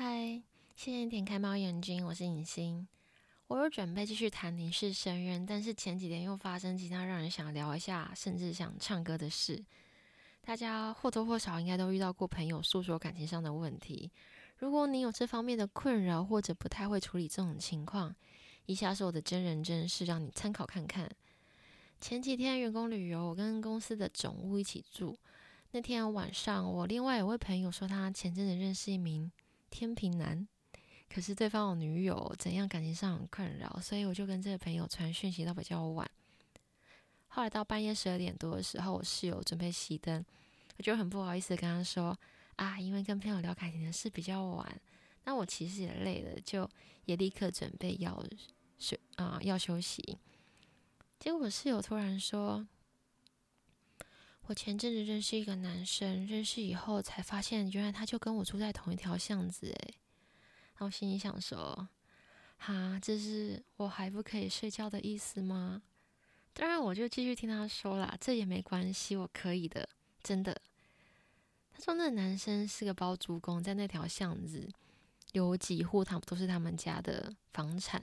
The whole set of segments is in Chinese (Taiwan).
嗨，Hi, 謝謝你。點開貓眼睛，我是影星。我有準備繼續談凝視深淵，但是前幾天又發生其他讓人想聊一下，甚至想唱歌的事。大家或多或少應該都遇到過朋友訴說感情上的問題。如果你有這方面的困擾，或者不太會處理這種情況，以下是我的真人真事，讓你參考看看。前幾天員工旅遊，我跟公司的總務一起住。那天晚上，我另外有位朋友說，他前陣子認識一名。天秤男，可是對方有女友怎樣，感情上很困擾，所以我就跟這個朋友傳訊息到比較晚。後來到半夜十二點多的時候，我室友準備熄燈，我就很不好意思跟他說：“啊，因為跟朋友聊感情的事比較晚，那我其實也累了，就也立刻準備要休啊、嗯，要休息。”結果我室友突然說。我前陣子認識一個男生，認識以後才發現，原來他就跟我住在同一條巷子哎。然後我心裡想說，哈，這是我還不可以睡覺的意思嗎？當然，我就繼續聽他說啦，這也沒關係，我可以的，真的。他說那男生是個包租公，在那條巷子有幾戶，他們都是他們家的房產。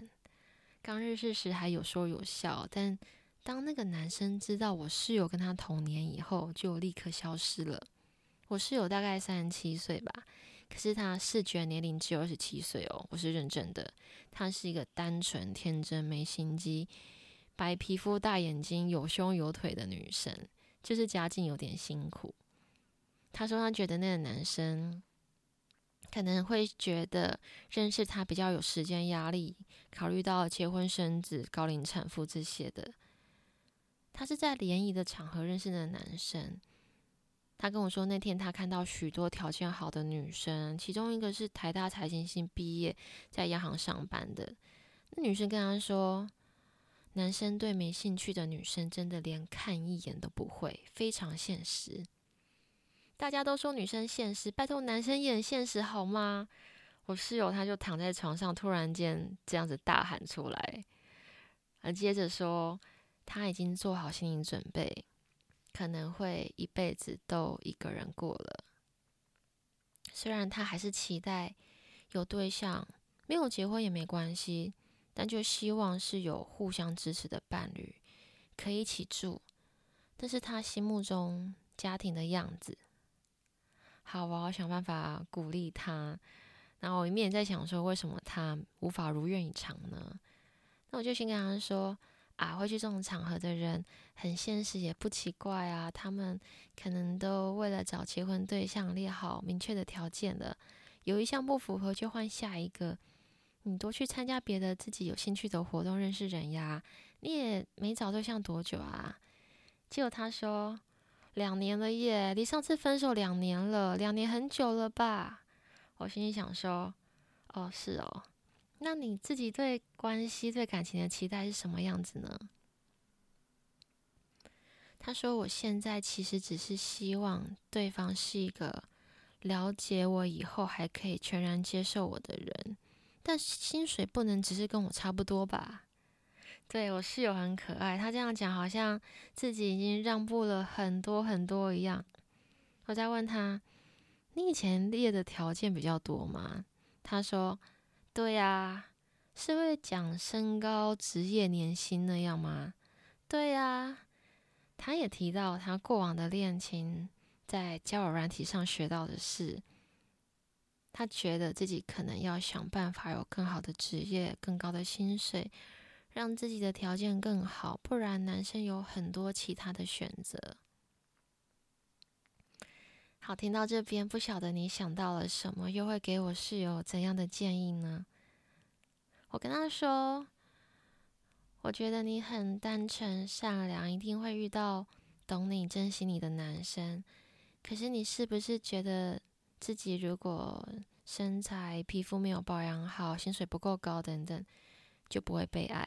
剛認識時還有說有笑，但。當那個男生知道我室友跟他同年以後，就立刻消失了。我室友大概三十七歲吧，可是他視覺年齡只有二十七歲哦，我是認真的。她是一個單純、天真、沒心機、白皮膚、大眼睛、有胸有腿的女生，就是家境有點辛苦。她說她覺得那個男生可能會覺得認識他比較有時間壓力，考慮到結婚生子、高齡產婦這些的。他是在聯誼的場合認識的男生，他跟我說，那天他看到許多條件好的女生，其中一個是台大財經系畢業，在央行上班的那女生，跟他說，男生對沒興趣的女生，真的連看一眼都不會，非常現實。大家都說女生現實，拜託男生也現實好嗎？我室友他就躺在床上，突然間這樣子大喊出來，而接着說。他已經做好心理準備，可能會一輩子都一個人過了。雖然他還是期待有對象，沒有結婚也沒關係，但就希望是有互相支持的伴侶，可以一起住。這是他心目中家庭的樣子。好，我要想辦法鼓勵他。然後我一面在想說，為什麼他無法如願以償呢？那我就先跟他說。啊，會去這種場合的人很現實，也不奇怪啊。他們可能都為了找結婚對象列好明確的條件了，有一項不符合就換下一個。你多去參加別的自己有興趣的活動認識人呀。你也沒找對象多久啊？結果他說兩年了耶，離上次分手兩年了，兩年很久了吧？我心裡想說，哦，是哦。那你自己對關係、對感情的期待是什麼樣子呢？他說：“我現在其實只是希望對方是一個了解我，以後還可以全然接受我的人，但薪水不能只是跟我差不多吧？”對，我室友很可愛，他這樣講好像自己已經讓步了很多很多一樣。我再問他：“你以前列的條件比較多嗎？”他說。對呀，是會講身高、職業、年薪那樣嗎？對呀，他也提到他過往的戀情，在交友軟體上學到的是，他覺得自己可能要想辦法有更好的職業、更高的薪水，讓自己的條件更好，不然男生有很多其他的選擇。好，聽到這邊，不曉得你想到了什麼，又會給我室友怎樣的建議呢？我跟他說，我覺得你很單純善良，一定會遇到懂你、珍惜你的男生。可是，你是不是覺得自己如果身材、皮膚沒有保養好，薪水不夠高，等等，就不會被愛？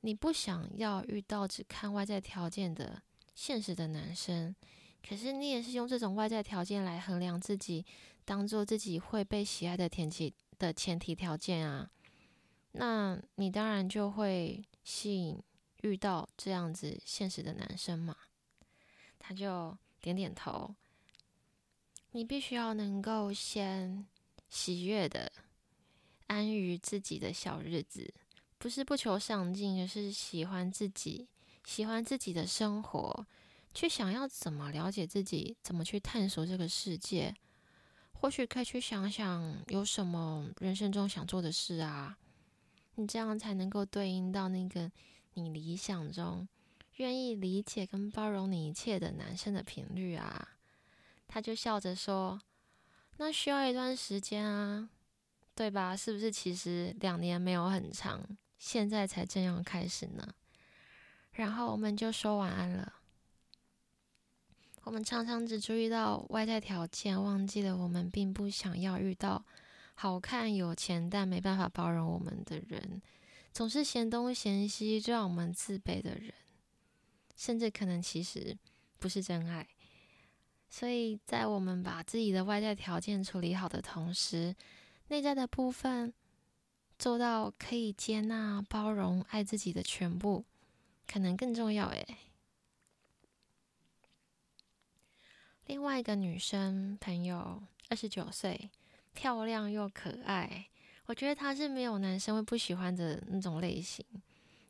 你不想要遇到只看外在條件的現實的男生。可是你也是用這種外在條件來衡量自己，當做自己會被喜愛的前提的前提條件啊。那你當然就會吸引遇到這樣子現實的男生嘛。他就點點頭。你必須要能夠先喜悅的安於自己的小日子，不是不求上進，而是喜歡自己，喜歡自己的生活。去想要怎麼了解自己，怎麼去探索這個世界，或許可以去想想有什麼人生中想做的事啊。你這樣才能夠對應到那個你理想中願意理解跟包容你一切的男生的頻率啊。他就笑着說：“那需要一段時間啊，對吧？是不是？其實兩年沒有很長，現在才正要開始呢。”然後我們就說晚安了。我們常常只注意到外在條件，忘記了我們並不想要遇到好看、有錢但沒辦法包容我們的人，總是嫌東嫌西，就讓我們自卑的人，甚至可能其實不是真愛。所以在我們把自己的外在條件處理好的同時，內在的部分做到可以接納、包容、愛自己的全部，可能更重要。誒另外一個女生朋友，二十九歲，漂亮又可愛，我覺得她是沒有男生會不喜歡的那種類型。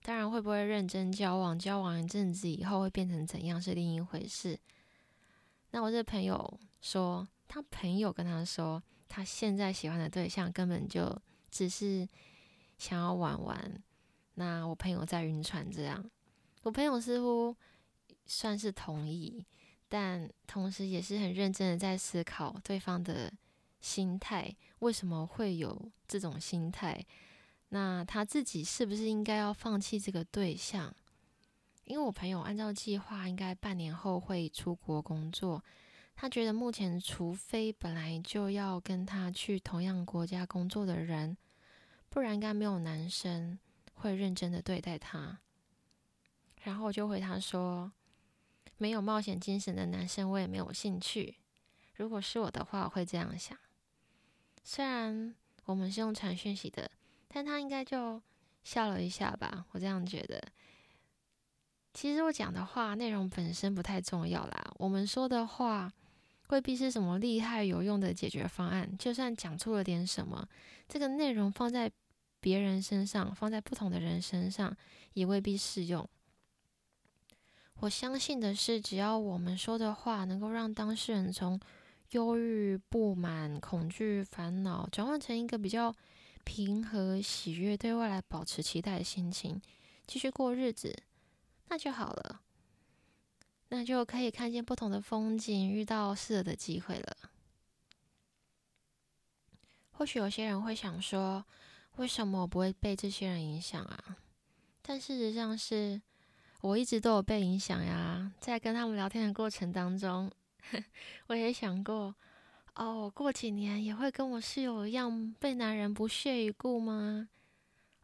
當然，會不會認真交往，交往一陣子以後會變成怎樣是另一回事。那我這朋友說，他朋友跟他說，他現在喜歡的對象根本就只是想要玩玩。那我朋友在暈船，這樣，我朋友似乎算是同意。但同時也是很認真的在思考對方的心態，為什麼會有這種心態？那他自己是不是應該要放棄這個對象？因為我朋友按照計劃應該半年後會出國工作，他覺得目前除非本來就要跟他去同樣國家工作的人，不然應該沒有男生會認真的對待他。然後我就回他說：沒有冒險精神的男生，我也沒有興趣。如果是我的話，我會這樣想。雖然我們是用傳訊息的，但他應該就笑了一下吧，我這樣覺得。其實我講的話內容本身不太重要啦，我們說的話未必是什麼厲害有用的解決方案。就算講出了點什麼，這個內容放在別人身上，放在不同的人身上，也未必適用。我相信的是，只要我們說的話能夠讓當事人從憂鬱、不滿、恐懼、煩惱轉換成一個比較平和、喜悅，對未來保持期待的心情，繼續過日子，那就好了。那就可以看見不同的風景，遇到適合的機會了。或許有些人會想說：“為什麼我不會被這些人影響啊？”但事實上是。我一直都有被影響呀，在跟他們聊天的過程當中， 我也想過，哦，我過幾年也會跟我室友一樣被男人不屑一顧嗎？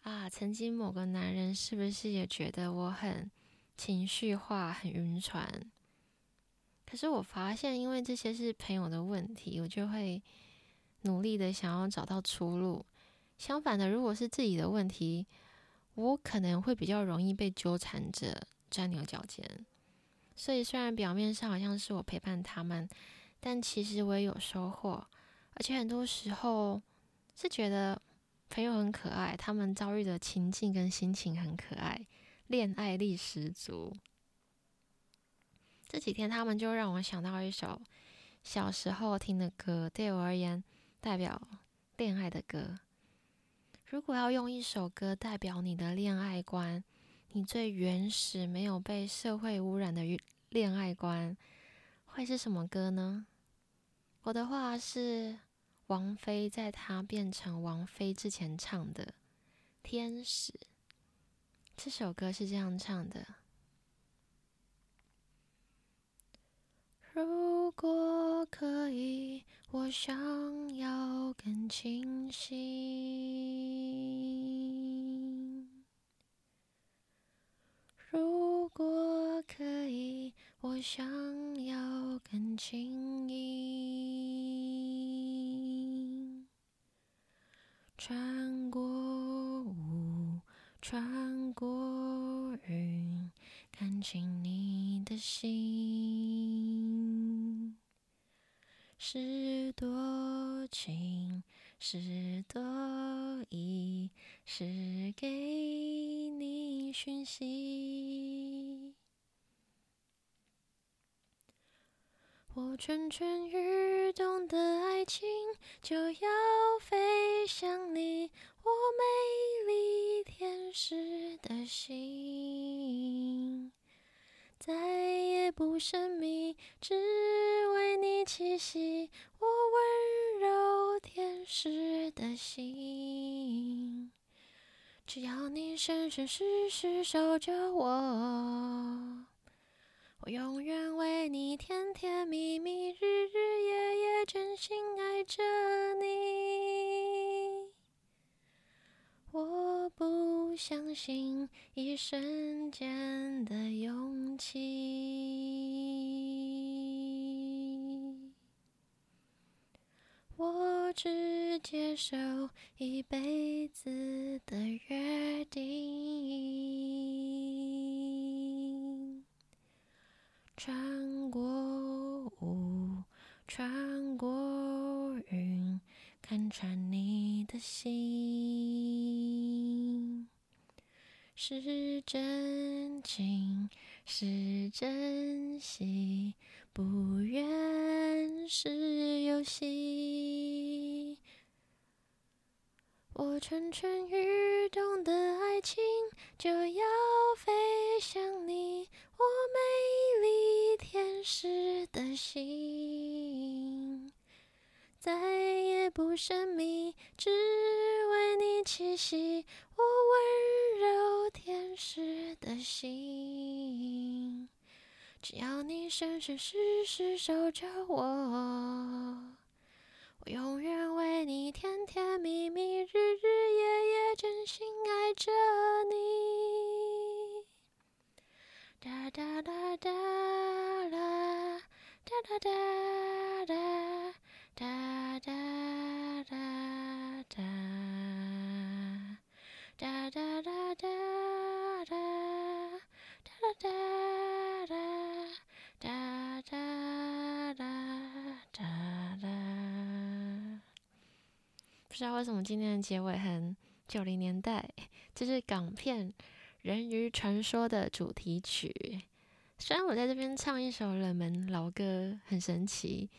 啊，曾經某個男人是不是也覺得我很情緒化、很暈船？可是我發現，因為這些是朋友的問題，我就會努力的想要找到出路。相反的，如果是自己的問題，我可能會比較容易被糾纏着鑽牛角尖，所以雖然表面上好像是我陪伴他們，但其實我也有收穫。而且很多時候是覺得朋友很可愛，他們遭遇的情境跟心情很可愛，戀愛力十足。這幾天他們就讓我想到一首小時候聽的歌，對我而言代表戀愛的歌。如果要用一首歌代表你的戀愛觀，你最原始沒有被社會污染的戀愛觀，會是什麼歌呢？我的話是王菲在她變成王菲之前唱的《天使》，這首歌是這樣唱的。如果可以，我想要更清晰。如果可以，我想要更輕盈。穿過霧，穿過雲，看清你的心。是多情，是多疑，是給你訊息。我蠢蠢欲動的愛情就要飛向你，我美麗天使的心。再也不神祕，只為你棲息，我溫柔天使的心。只要你生生世世守着我，我永遠為你甜甜蜜蜜，日日夜夜真心愛着你。我不相信一瞬間的擁。心，我只接受一輩子的約定。穿過霧，穿過雲，看穿你的心。是真情，是珍惜，不願是遊戲。我蠢蠢欲動的愛情就要飛向你，我美麗天使的心，在。不神祕，只為你棲息，我溫柔天使的心。只要你生生世世守着我，我永遠為你甜甜蜜蜜，日日夜夜真心愛着你。噠噠噠噠噠，噠噠噠。不知道為什麼今天的結尾很九零年代，這是港片《人魚傳說》的主題曲。雖然我在這邊唱一首冷門老歌，很神奇，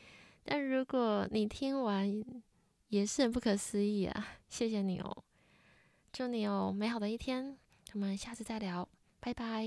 但如果你聽完，也是很不可思議啊！謝謝你哦，祝你有美好的一天，我們下次再聊，拜拜。